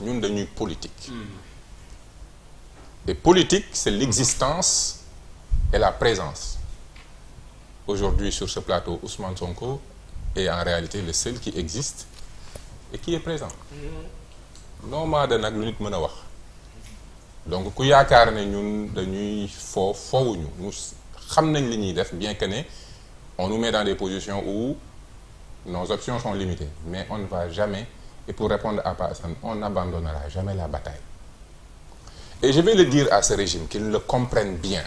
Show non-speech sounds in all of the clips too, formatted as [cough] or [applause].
ñun dañuy politique et politique c'est l'existence et la présence aujourd'hui sur ce plateau Ousmane Sonko est en réalité le seul qui existe et qui est présent non maa da nag lu nit mën a wax donc ku yaakaar ne ñun dañuy foo foowuñu ñu xam nañ li ñuy def bien que ne on nu met dans des positions ou nos options sont limitées mais on ne va jamais Et pour répondre à Hassan, on n'abandonnera jamais la bataille. Et je vais le dire à ce régime, qu'il le comprenne bien.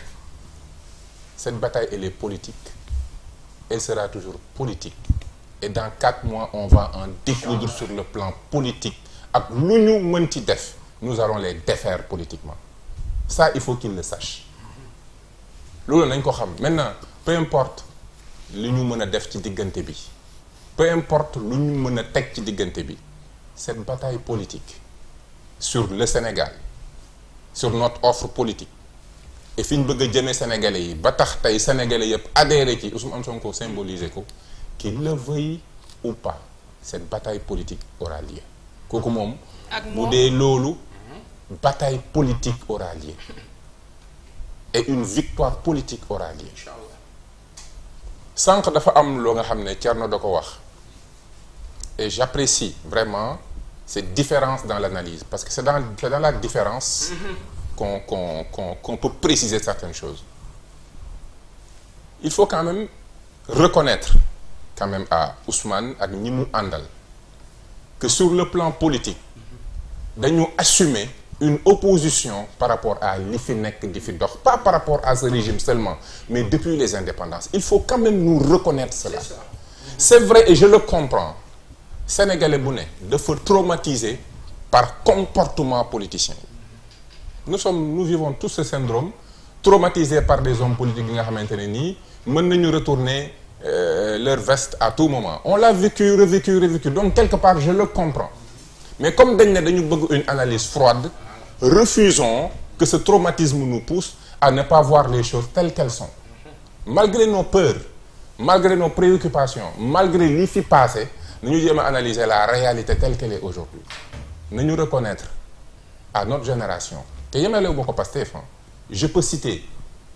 Cette bataille, elle est politique. Elle sera toujours politique. Et dans quatre mois, on va en découdre sur le plan politique. Avec l'Union def, nous allons les défaire politiquement. Ça, il faut qu'il le sache. Maintenant, peu importe li ñu mën a def ci diggante bi peu importe lu ñu mën a teg ci diggante bi seen bataille politique sur le Sénégal sur notre offre politique et fi ñu bëgg a jëmee sénégalais yi ba tax tey sénégalais yëpp adhéré ci Ousmane Sonko symboliser ko qu'il le veuille ou pas cette bataille politique aura lieu kooku moom. bu dee loolu bataille politique aura lieu et une victoire politique aura lieu. sànq dafa am loo nga xam ne Thierno da ko wax et j'apprécie vraiment. c'est différence dans l'analyse parce que c'est dans, dans la différence mm-hmm. qu'on qu'on qu'on qu'on peut préciser certaines choses il faut quand même reconnaître quand même à Ousmane ak ñi mu àndal que sur le plan politique mm-hmm. dañu assumer une opposition par rapport à li fi nekk di fi dox pas par rapport à ce régime seulement mais depuis les indépendances il faut quand même nous reconnaître cela c'est vrai et je le comprends sénégalais bu ne dafa traumatisé par comportement politicien nous sommes nous vivons tous ce syndrome traumatisé par des hommes politiques yi nga xamante ne nii mën nañu retourner euh, leur vest à tout moment on l'a vécu revécu revécu donc quelque part je le comprends mais comme dañ ne dañu bëgg une analyse froide refusons que ce traumatisme nous pousse à ne pas voir les choses telles qu'elles sont malgré nos peurs malgré nos préoccupations malgré li fi passé nañu jéem a analyser la réalité telle qu'elle est aujourd'hui nañu reconnaître à notre génération te yemelewu ma ko Pastef je peux citer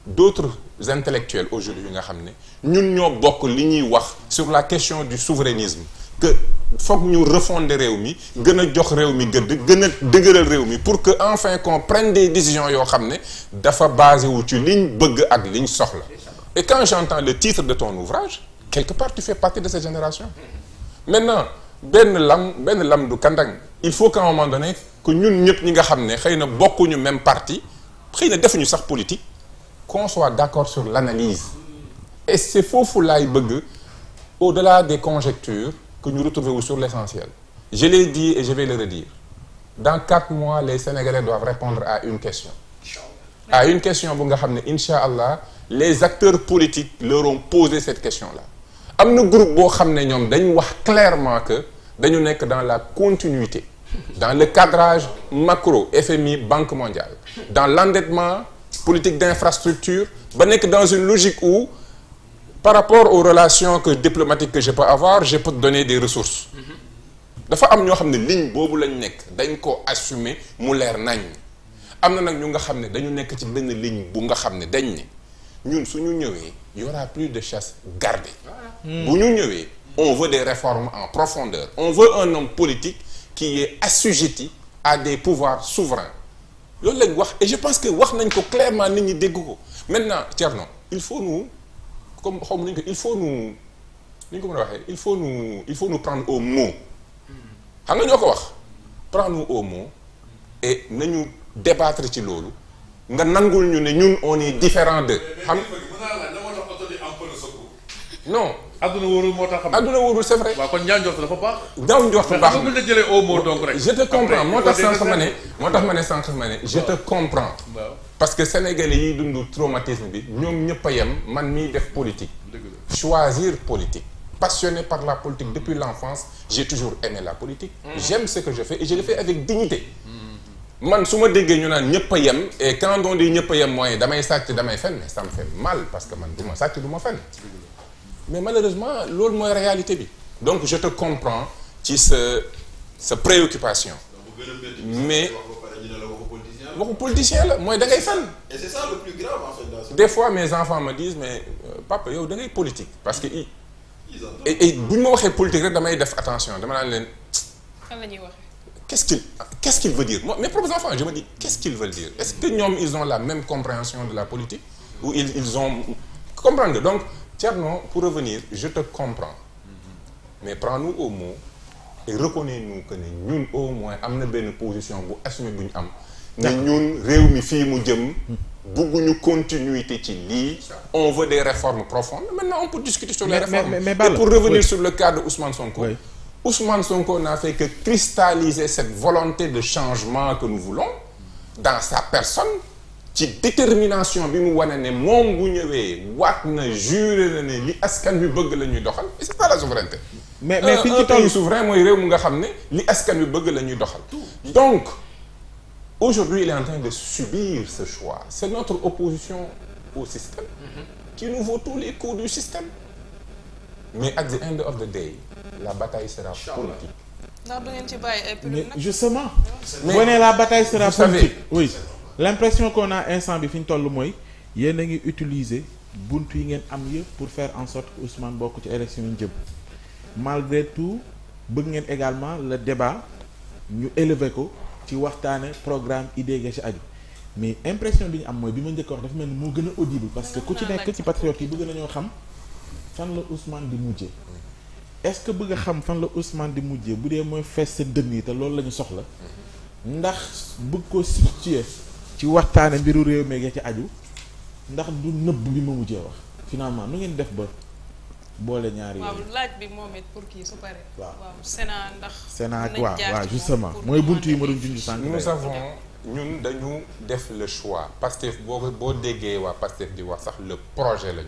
d'autres intellectuels aujourd'hui nga xam ne ñun ñoo bokk li ñuy wax sur la question du souverainisme que foog ñu refonder réew mi gën a jox réew mi gëdd gën a dëgëral réew mi pour que enfin qu'on prenne des décisions yoo xam ne dafa basé wu ci ñu bëgg ak li ñu soxla et quand j'entends le titre de ton ouvrage quelque part tu fais partie de cette génération maintenant benn lam benn lam du kandang il faut qu'à un moment donné que ñun ñëpp ñi nga xam ne xëy na bokkuñu même parti xëy na defuñu sax politique qu'on soit d'accord sur l'analyse et c'est foofu laay bëgg au-delà des conjectures que ñu retrouver sur l'essentiel je l'ai dit et je vais le redire dans quatre mois les Sénégalais doivent répondre à une question à une question bu nga xam ne incha allah les acteurs politiques leur ont posé cette question-là am na groupe boo xam ne ñoom dañu wax clairement que dañu nekk dans la continuité dans le cadrage macro FMI Banque mondiale dans l'endettement politique d'infrastructure ba nekk dans une logique où par rapport aux relations que diplomatiques que je peux avoir je peux donner des ressources dafa am ñoo xam ne ligne boobu lañ nekk dañ ko assumer mu leer nañ am na nag ñu nga xam ne dañu nekk ci benn ligne bu nga xam ne dañ ne ñun suñu ñëwee y aura plus de chasse gardée hmm. bu ñu ñëwee on veut des réformes en profondeur on veut un homme politique qui est assujetti à des pouvoirs souverains loolu lañ wax et je pense que wax nañ ko clairement nit ñi dégg ko maintenant Thierno il faut nu comme xaw ma nañ ko il faut nous ni ñu ko mën a waxee il faut nous il faut nous prendre au mot hmm. xam nga ñoo ko wax prendre au mot et nañu débattre ci loolu nga nangul ñu ne ñun on est différent de. xam non. adduna wóorul moo tax xam adduna wóorul c'est vrai. waaw kon ñaaw njort dafa baax. ñaaw njort baax mais jëlee au mot donc rek. je te comprends moo tax sànq ma ne. moo tax ma ne sànq ma ne je te comprends. parce que sénégalais yiy dund traumatisme bi ñoom ñëpp a yem man miy def politique. choisir politique. passionné par la politique depuis l'enfance j'ai toujours aimé la politique. Mmh. j'aime ce que je fais et je le fais avec dignité. Mmh. man su ma déggee ñu naan ñëpp a yem e quand on dit ñëpp a yem mooy damay sàcc damay fen mais ça me fait mal parce que man du ma sàcc du ma fen mais malheureusement loolu mooy réalité bi donc je te comprends ci sa sa préoccupation mais waxu politicien la mooy dangay ngay fen et en fois mes enfants me disent mais euh, papa yow da ngay politique parce que i et bu ñu ma waxee politique rek damay def attention dama naan leen qu'est-ce qu'il qu'est-ce qu'il veut dire moi mes propres enfants je me dis qu'est-ce qu'ils veulent dire est-ce que ñoom ils ont la même compréhension de la politique ou ils ils ont comprendre donc Thierno pour revenir je te comprends mais prends-nous au mot et reconnais-nous que ne ñun au moins am na benn position bu assumé bu ñu am ne ñun réew mi fii mu jëm bëgguñu continuité ci lii on veut des réformes profondes maintenant on peut discuter sur les Ousmane Sonko n'a fait que cristalliser cette volonté de changement que nous voulons dans sa personne ci détermination bi mu wane ne moom bu ñëwee waat na juré na ne li askan bi bëgg la ñuy doxal et c'est pas la souveraineté. mais mais fi ñu toll souverain mooy réew mu nga xam ne li askan bi bëgg la ñuy doxal. donc aujourd'hui il est en train de subir ce choix c'est notre opposition au système. qui nous vaut tous les coups du système. mais at the end of la bataille sera politique. ndax du ngeen ci bàyyi ay mais justement. mais bu ne la bataille sera politique. oui l' impression qu' on a instant bi fi ñu toll mooy yéen a ngi utiliser bunt yi ngeen am yëpp pour faire en sorte que Ousmane bokk ci élection yi jëm malgré tout bëgg ngeen également la débat ñu élever ko ci waxtaane programme idée ga ci aju mais impression bi ñu am mooy bi ma njëkk wax dafa mel ni moo gën a audible parce que ku ci nekk ci patriote yi bëgg nañoo xam. fan la Ousmane di mujje est-ce que bëgg a xam fan la Ousmane di mujje bu dee mooy fees sa dënn yi te loolu la ñu soxla ndax bëgg ko situer ci waxtaane mbiru réew mi ci aju ndax du nëbb bi ma mujjee wax finalement nu ngeen def ba boole ñaari waaw kii su paree waaw Sénat ndax Sénat waaw waaw justement mooy bunt yi ma doon junj sànq nous avons ñun dañu def le choix Pastef boo boo déggee waa Pastef di wax sax le projet la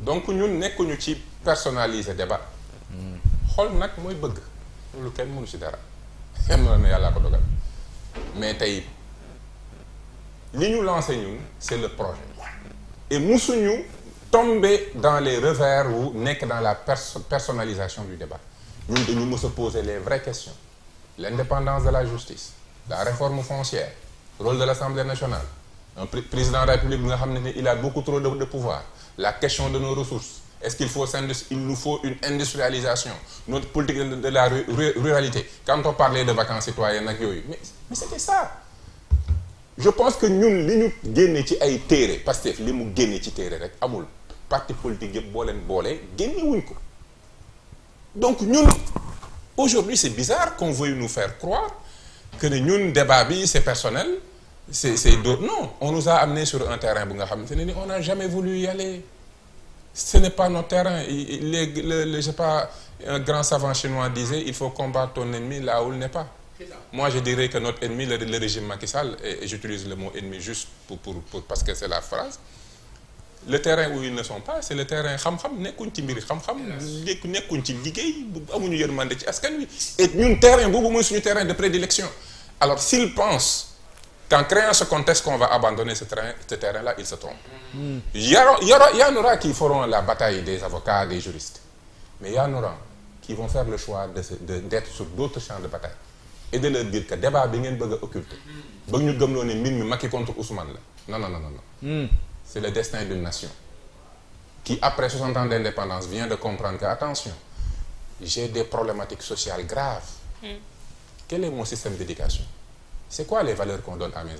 donc ñun nekkuñu ci personnaliser débat xool nag mooy bëgg loolu kenn mënu si dara xam na ne yàllaa ko dogal mais tey li ñu lancé ñun c'est le projet et musuñu tomber dans les revers wu nekk dans la perso personnalisation du débat ñun dañu mës a les vraies questions l'indépendance de la justice la réforme foncière le rôle de l'Assemblée nationale un président de la République bi nga xam ne ni il a beaucoup trop de, de la question de nos ressources est-ce qu'il faut il nous faut une industrialisation notre politique de, de la ruralité quand on parlait de vacances citoyennes ak yooyu mais mais c'était ça je pense que ñun li ñu génne ci ay téere Pastef li mu génne ci téere rek amul parti politique yëpp boo leen génne wuñ ko donc ñun aujourd'hui c'est bizarre qu'on veuille nous faire croire que ne ñun débat bi c'est personnel c'est c'est d'autres non on nous a amené sur un terrain bu nga xam ne ni on n'a jamais voulu y aller ce n'est pas notre terrain le le je sais pas un grand savant chinois disait il faut combattre ton ennemi là où il n'est pas moi je dirais que notre ennemi le, le régime Macky Sall et, et j'utilise le mot ennemi juste pour, pour, pour parce que c'est la phrase le terrain où ils ne sont pas c'est le terrain xam-xam nekkuñ ci mbiri xam-xam nekkuñ ci liggéey amuñu yërmande ci askan wi et ñun terrain boobu mooy suñu terrain de prédilection alors s'il pense qu'en créant ce contexte qu'on va abandonner ce, ce terrain-là, ils se trompent. Mm. Il, y aura, il, y qui feront la bataille des avocats, des juristes. Mais il y en aura qui vont faire le choix d'être de, de, sur d'autres champs de bataille. Et de leur dire que le débat que vous occulté, vous voulez contre Ousmane. Non, non, non, non. non. Mm. C'est le destin d'une nation qui, après 60 ans d'indépendance, vient de comprendre que, attention, des problématiques sociales graves. Mm. Quel est mon système c'est quoi les valeurs qu'on donne à mes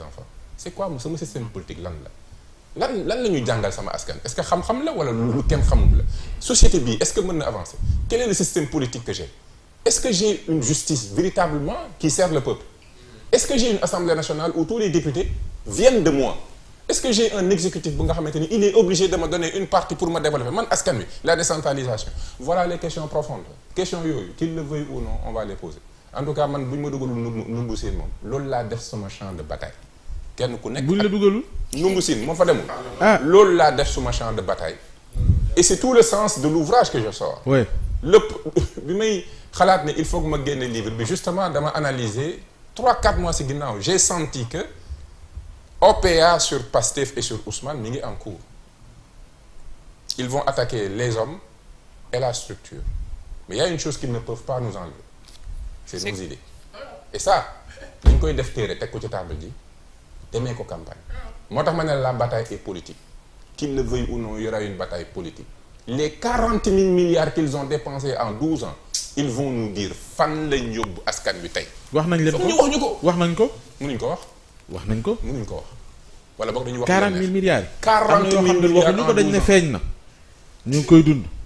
c'est quoi sama système politique lan la lan lan la ñuy jàngal sama askan est-ce que xam-xam la wala lu kenn xamul la société bi est-ce que mën na avancer quel est le système politique que j'ai est-ce que j'ai une justice véritablement qui sert le peuple est-ce que j'ai une assemblée nationale où tous les députés viennent de moi est-ce que j'ai un exécutif bu nga xamante il est obligé de me yooyu qu'ils le en tout cas man bu ñu ma dugalul numbu siin moom loolu laa def sama champ de bataille kenn ku nekk buñ la dugalul numbu siin moo fa demul ah. loolu laa def sama champ de bataille et c'est tout le sens de l'ouvrage que je sors oui lépp [laughs] bi may xalaat ne il faut que ma génne livre bi justement dama analyser trois quatre mois si ginnaaw j'ai senti que OPA sur Pastef e sur Ousmane mi ngi en cours ils vont attaquer les hommes et la structure mais il y a une chose qu'ils ne peuvent pas nous enlever c'est nos idées et dañ koy def téere teg ko ci table ji demee ko campagne moo tax ma ne la bataille est politique qu'il le veuille ou non il y aura une bataille politique les quarante mille milliards qu'ils ont dépensés en douze ans ils vont nous dire fan lañ yóbbu askan wi tey wax nañ leen ñu wax ñu ko wax nañ ko mënuñ ko wax wax nañ ko mënuñ ko wax wala boog dañu wax quarante mille milliards quarante mille milliards waxuñu dañ ne feeñ na ñu ngi koy dund